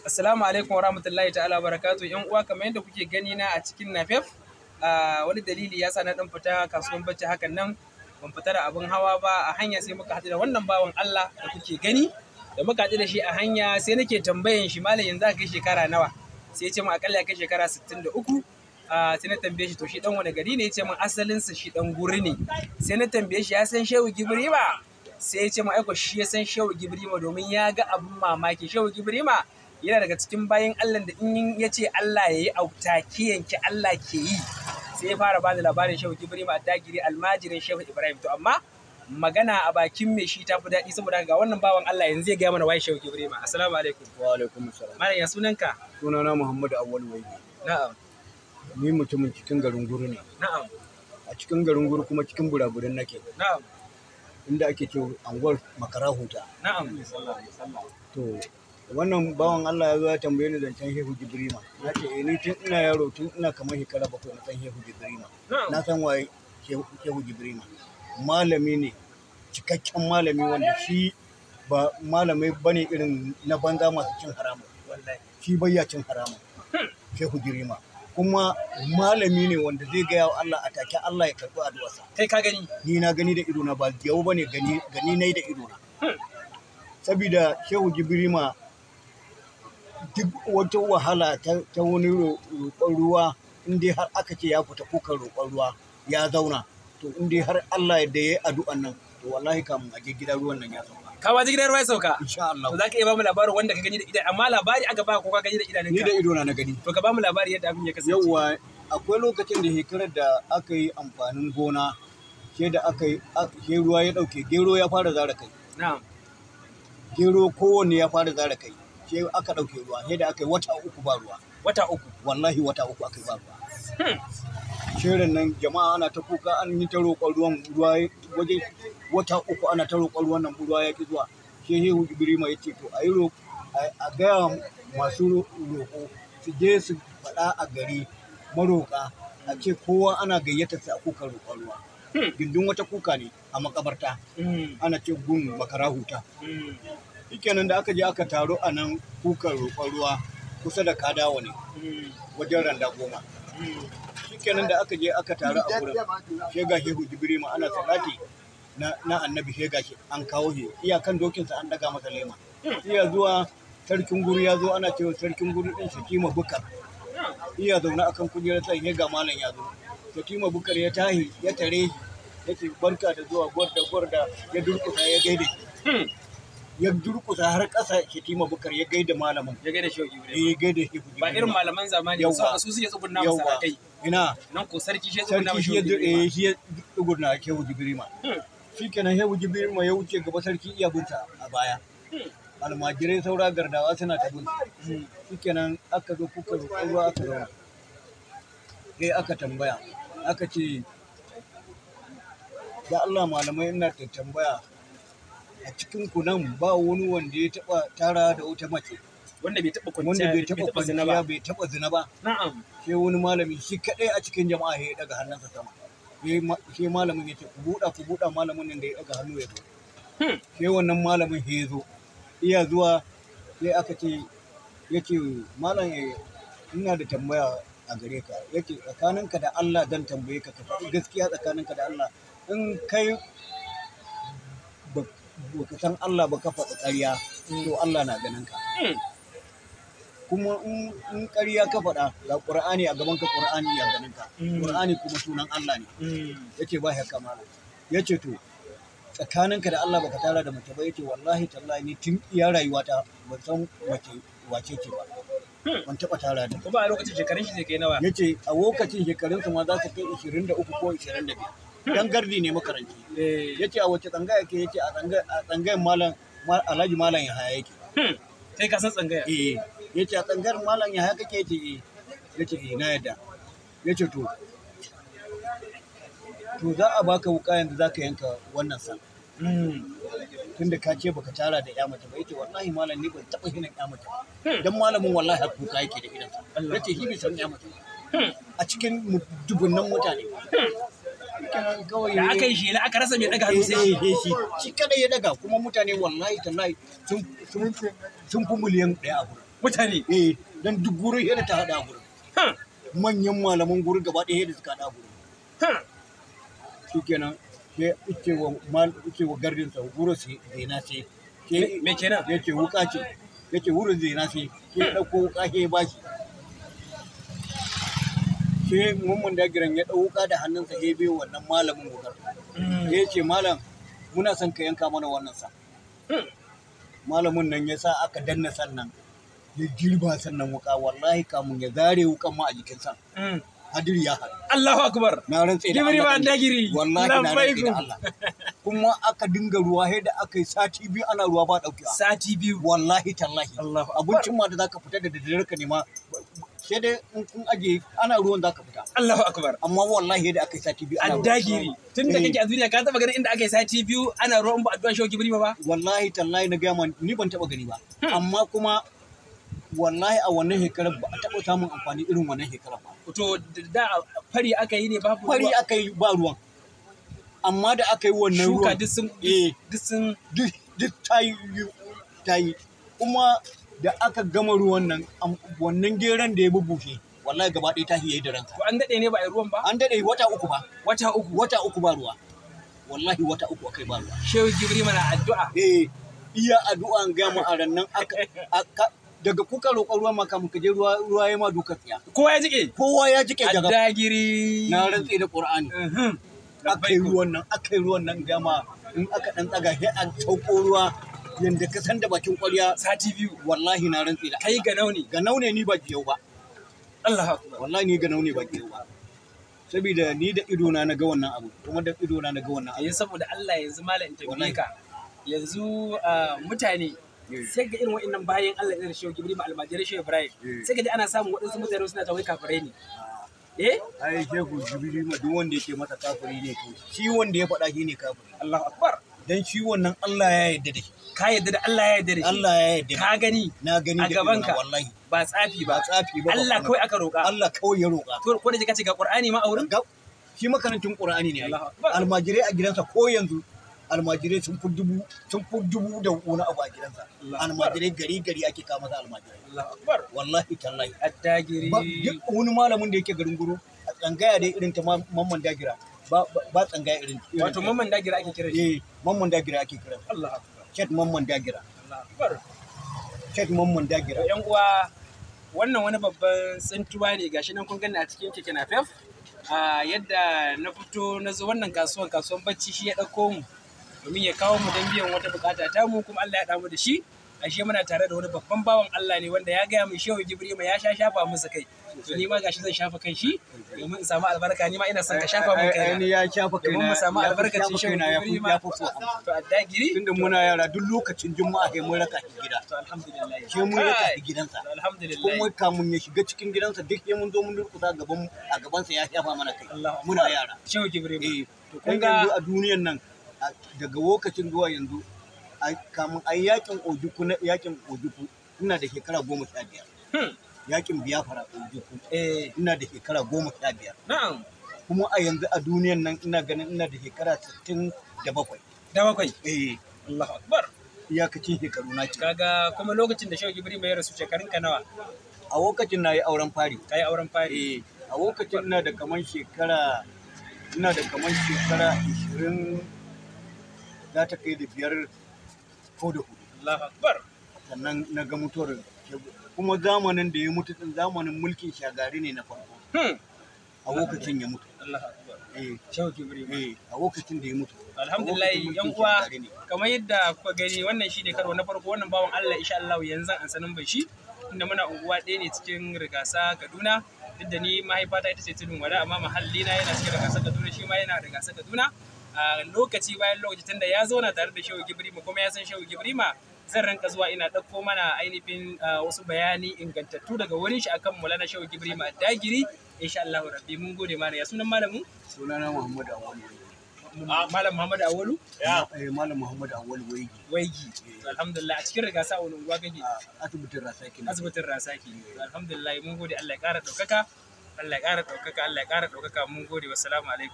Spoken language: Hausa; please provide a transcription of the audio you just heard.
Assalamu alaikum wa rahmatullahi ta'ala wa barakatu yan uwa kamar yadda kuke gani na a cikin Nafef wani dalili ya sa na dan fita kasuwan bacci hakan nan ban fita da abin hawa ba a hanya sai muka haɗu da wannan bawan Allah da kuke gani da muka haɗu da shi a hanya sai nake tambayan shi malam yanzu aka kai shekara nawa sai ya ce mu akalla ya kai shekara 63 sai na tambaye shi to shi dan wani gari ne ya ce min asalinsa shi dan guri ne sai na tambaye shi ya san Shehu Gibrima sai ya ce mu aiko shi ya san Shehu Gibrima domin ya ga abin mamaki Shehu Gibrima yana daga cikin bayan Allah da in ya ce Allah ya yi auta kiyanki Allah ke yi sai ya fara bani labarin Shehu Ibrahim Adagiri almajirin Shehu Ibrahim to amma magana a bakin mai shi ta fi daɗi saboda ga wannan bawan Allah yanzu zai gaya mana waye Shehu Ibrahim assalamu alaikum wa alaikum assalam malam ya sunanka sunana Muhammadu Awwal Wai na'am ni mutumin cikin garin guru ne na'am a cikin garin guru kuma cikin buraburan nake na'am inda ake ce anguwar makara huta na'am to wannan bawan Allah ya zo ya tambaye ni zancen Shehu Jibrima na ce eh ni tun ina yaro tun ina kamar shekara bakwai na san Shehu Jibrima na san waye Shehu Jibrima malami ne cikakken malami wanda shi ba malamai bane irin na banza masu cin haramu shi bayya cin haramu Shehu Jibrima kuma malami ne wanda zai gaya wa Allah a take Allah ya karɓi addu'arsa kai ka gani ni na gani da idona ba yau bane gani gani nai da idona hmm. sabida Shehu Jibrima duk wata wahala ta wani roƙon ruwa in dai har aka ce ya fita kuka roƙon ruwa ya zauna to in dai har Allah da ya yi addu'an nan to wallahi kamun a je gidan ruwan nan ya zauna. ka ba gidan ruwa ya sauka insha Allah za ka iya ba mu labarin wanda ka gani da idan amma labari aka ba ko ka gani da idanun ni da ido na gani to ka ba mu labari yadda abin ya kasance yawa akwai lokacin da hekarar da aka yi amfanin gona sai da aka yi ruwa ya dauke gero ya fara zara kai na'am gero kowanne ya fara zara kai ke aka ɗauke ruwa ne da aka yi wata uku ba ruwa wata uku wallahi wata uku aka yi ba ruwa hmm. shirin nan jama'a ana ta kuka an yi ta roƙon ruwan ruwa waje wata uku ana ta roƙon ruwan nan ruwa ya ki zuwa sai hehu ibrima ya ce to a yi a gaya masu roƙo su je su faɗa a gari maroƙa a ce kowa ana gayyata su a kuka roƙon ruwa hmm. gindin wata kuka ne a makabarta hmm. ana ce gun makara huta shikenan da aka je aka taro a nan kukan roƙon ruwa kusa da kadawa ne wajen randa goma shikenan da aka je aka taru a wurin shega shehu jibrilu ana salati na annabi shega shi an kawo shi iyakan dokinsa an daga masa lema iya zuwa sarkin guri ya zo ana cewa sarkin guri din shakima bukar iya zaune akan kujerar sai shega malam ya zo shakima bukar ya tahi ya tare shi yake barka da zuwa gwarda gwarda ya durkusa ya gaide ya durkusa har ƙasa hitima Bukar ya gaida malaman Ya gaida Shehu Ibrahim. Eh, ya gaida Shehu Ibrahim. Ba irin malaman zamani yau a su su ya tsugunna masa a kai. Ina. Nan ko sarki shi ya tsugunna masa. Sarki eh, shi ya tsugunna a Shehu Ibrahim. Hmm. Shikenan Shehu jibirima ya wuce gaba sarki iya bunta a baya. Hmm. Almajirai saura gardawa suna ta bunta. Hmm. Shikenan aka zo kuka roƙon ruwa aka zauna. Sai aka tambaya. Aka ce da Allah malamai ina ta tambaya a cikin ku nan ba wani wanda ya taba tara da wata mace wanda bai taba kwanciya bai taba kwanciya bai taba zina ba na'am sai wani malami shi kadai a cikin jama'a ya daga hannunsa sama sai malamin ya ce ku buɗa ku buɗa malamin nan da ya daga hannu ya zo hmm. sai wannan malamin ya zo iya zuwa sai aka ce yake ce malam eh, ina da tambaya a gare ka Yake tsakaninka da Allah zan tambaye ka ka faɗi gaskiya tsakaninka da Allah in kai bukatan Allah ba ka faɗi ƙarya to Allah na ganin ka hmm. kuma in ƙarya ka faɗa ga ƙur'ani a gaban ka ƙur'ani ya ganin ka ƙur'ani hmm. kuma sunan Allah ne hmm. yace ba ya kamala yace to tsakaninka da Allah baka tara da mace ba yace wallahi tallahi ni tun iya rayuwata ban san mace wace ce ba ban taɓa tara da kuma a lokacin shekarun shi ne kai nawa yace a lokacin shekarun ma za su kai 23 ko 25 dan gardi ne makaranci eh. yace a wace tsangaya ke yace a tsangayan malam alhaji malam ya haya yake hmm. kai ka san tsangaya eh yace a tsangayar malam ya haya kake yace eh yace eh na yadda yace to to za a baka wuka yanzu za ka yanka wannan san hmm. tunda ka ce baka tara da ya mace ba yace wallahi malam ni ban taɓa hinan ya mace hmm. dan malamin wallahi kuka yake da idan yace shi bai san ya mace a cikin dubunnan mutane da aka yi shela aka rasa mai daga hannu sai shi shi shi kada ya daga kuma mutane wallahi tallahi sun sun fi miliyan ɗaya a gurin mutane eh dan duk gurin yadda ta hada gurin manyan malaman gurin gaba ɗaya yadda suka hada gurin shi kenan wa mal wa sa gurin sai sai me kenan yake wuka ce yake wurin sai dauko wuka sai mummun giran ya ɗauka da hannunsa ya biyo wannan malamin gudar ya hmm. ce malam muna son ka yanka mana wannan sa hmm. malamin nan ya sa aka danna sannan ya girba sannan wuka wallahi kamun ya zare wukan ma a jikin sa hmm. hadir ya haɗu Allahu akbar na tsaye da Allah giri wallahi na tsaye da Allah kuma aka dinga ruwa sai da aka yi sati biyu ana ruwa ba ɗauki sati biyu wallahi tallahi abincin ma da zaka fita da daddare ka nema sai dai in kun aje ana ruwan zaka fita Allahu akbar amma wallahi yadda aka yi sati biyu ana ruwan tun da eh. kake a duniya ka taba ganin inda aka yi sati biyu ana ruwan ba addu'a shoki birni ba wallahi tallahi na ga ni ban taba gani ba hmm. amma kuma wallahi a wannan shekarar ba a taɓa samun amfani irin wannan shekarar ba. To da fari aka yi ne ba Fari aka yi ba ruwan. Amma da aka yi wannan ruwan. Shuka eh, duk sun. Duk sun. Duk ta yi. Ta yi. Kuma da aka gama ruwan nan wannan geran da ya bubbuke wallahi gaba ɗaya tahi yayi da ranka to an dade ne ba a ruwan ba an dade wata uku ba wata uku wata uku ba ruwa wallahi wata uku akai ba ruwa shehu jibril mana addu'a eh iya addu'a ga mu a rannan aka daga kuka roƙon ruwa maka muka je ruwa ruwa ya ma duka tsiya kowa ya jike kowa ya jike daga addagiri na rantsi da qur'ani uhuh. akai ruwan nan akai ruwan nan gama in aka dan tsaga sai an tsauko ruwa yanda ka san da bakin ƙwarya sati biyu wallahi na rantsi da kai ga nauni ga naune ni ba giyau ba Allah akbar wallahi ni ga naune ba giyau ba saboda ni da ido na naga wannan abu kuma da ido na naga wannan abu saboda Allah yanzu malam interview ka yanzu ah, mutane eh. sai ga irin wa'annan bayan Allah irin gibri ma almajirai shi Ibrahim eh. sai ga ana samun waɗansu mutane suna tawai kafirai ne ah. eh ai shehu ma duk wanda yake masa kafiri ne to shi wanda ya faɗa shi ne kafiri Allahu akbar dan shi wannan Allah ya yarda da ka yarda da Allah ya yarda da Allah ya yarda ka gani na gani a gaban ka wallahi ba tsafi ba tsafi ba Allah kawai aka roka Allah kawai ya roka to ko da ka ce ga Qur'ani ma a wurin? shi makarantin Qur'ani ne almajirai a gidansa ko yanzu almajirai sun fi dubu sun fi dubu da wani abu a gidansa almajirai gari gari ake kama masa almajirai wallahi tallahi addagiri duk wani malamin da yake garin guru a gaya dai irin ta mamman dagira ba tsangaya irin wato mamman dagira ake kira shi eh mamman dagira ake kira Allah akbar chat mamman dagira Allah akbar chat mamman dagira yan uwa wannan wani babban tsintuwa ne gashi nan kun gani a cikin keke na fef yadda na fito na zo wannan kasuwan kasuwan bacci shi ya ɗauko mu domin ya kawo mu don biyan wata bukata ta mu kuma Allah ya damu da shi ashe muna tare da wani babban bawan Allah ne wanda ya gaya min shehu Jibrima ya sha shafa musu kai to ni ma gashi zan shafa kan shi domin in samu albarka ni ma ina son ka shafa mun kai ni ya shafa kai domin mu samu cin shehu Jibrima ya fito to addagiri tunda muna yara duk lokacin juma'a kai mun raka ki gida to alhamdulillah ke mun raka ki gidansa alhamdulillah kuma kamun ya shiga cikin gidansa duk ya mun zo mun durkusa gaban a gaban sa ya shafa mana kai muna yara shehu Jibrima eh, to kun ga a duniyar nan daga lokacin zuwa yanzu kamun ai yakin ojuku na yakin ojuku ina da shekara goma sha biyar hmm. yakin biyafara ojuku eh. ina da shekara goma sha biyar kuma a yanzu a duniyan nan ina ganin ina da shekara sittin da bakwai da bakwai eh Allahu akbar iyakacin shekaru na ce kaga kuma lokacin da shehu ibrahim ya rasu shekarun ka nawa a lokacin na yi auren fari ka yi auren fari eh. a lokacin ina da kaman shekara ina da kaman shekara 20 za ta kai da biyar ko da hudu sannan na ga mutuwar kuma zamanin da ya mutu din zamanin mulkin shagari ne na farko hmm. a lokacin ya mutu eh. eh, a lokacin da ya mutu alhamdulillah yan uwa kamar yadda kuka gani wannan shi ne karo na farko wannan bawan Allah insha Allah yanzu an sanin bai shi inda muna unguwa ɗaya ne cikin rigasa Kaduna duk da ni mahaifata ita ce tudun wada amma mahallina na yana cikin rigasa Kaduna shi ma yana rigasa Kaduna lokaci bayan lokaci tunda ya zauna tare da Shehu Gibrima kuma ya san Shehu Gibrima zan ranka zuwa ina ɗauko mana ainihin wasu bayani ingantattu daga wurin shi akan lana Shehu Gibrima Dagiri insha Allah rabbi mun gode mana ya sunan malamu sunana Muhammad Awolu Malam Muhammad Awolu eh Malam Muhammad Awolu waigi waigi eh. alhamdulillah a cikin rigasa wani unguwa kake asibitin Rasaki asibitin Rasaki eh. alhamdulillah mun gode Allah ya ƙara ɗaukaka Allah ya ƙara ɗaukaka Allah ya ƙara ɗaukaka mun gode wassalamu alaikum